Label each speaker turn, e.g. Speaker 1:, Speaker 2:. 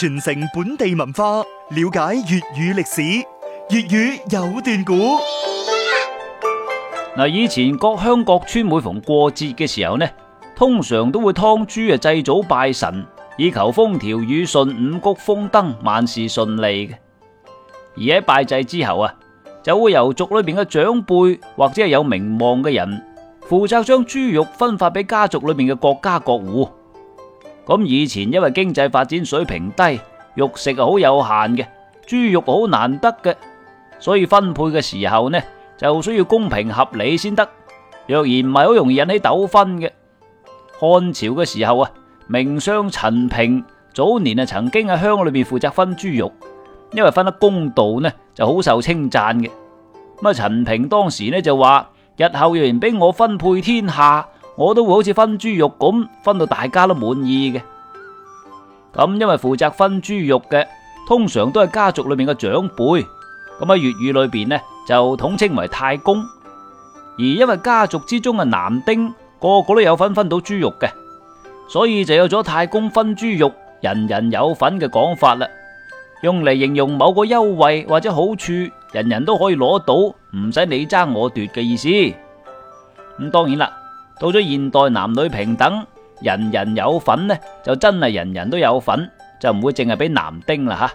Speaker 1: 傳承本地文化，了解粵語歷史，粵語有段古。嗱，以前各鄉各村每逢過節嘅時候呢，通常都會劏豬啊祭祖拜神，以求風調雨順、五穀豐登、萬事順利嘅。而喺拜祭之後啊，就會由族裏邊嘅長輩或者係有名望嘅人，負責將豬肉分發俾家族裏面嘅各家各戶。咁以前因為經濟發展水平低，肉食好有限嘅，豬肉好難得嘅，所以分配嘅時候呢就需要公平合理先得，若然唔係好容易引起糾紛嘅。漢朝嘅時候啊，名相陳平早年啊曾經喺鄉里面負責分豬肉，因為分得公道呢就好受稱讚嘅。咁啊陳平當時呢就話：日後若然俾我分配天下，我都會好似分豬肉咁分到大家都滿意嘅。咁因為負責分豬肉嘅通常都係家族裏面嘅長輩，咁喺粵語裏邊呢，就統稱為太公。而因為家族之中嘅男丁個個都有份分到豬肉嘅，所以就有咗太公分豬肉，人人有份嘅講法啦。用嚟形容某個優惠或者好處，人人都可以攞到，唔使你爭我奪嘅意思。咁當然啦，到咗現代男女平等。人人有份呢，就真係人人都有份，就唔會淨係俾男丁啦吓。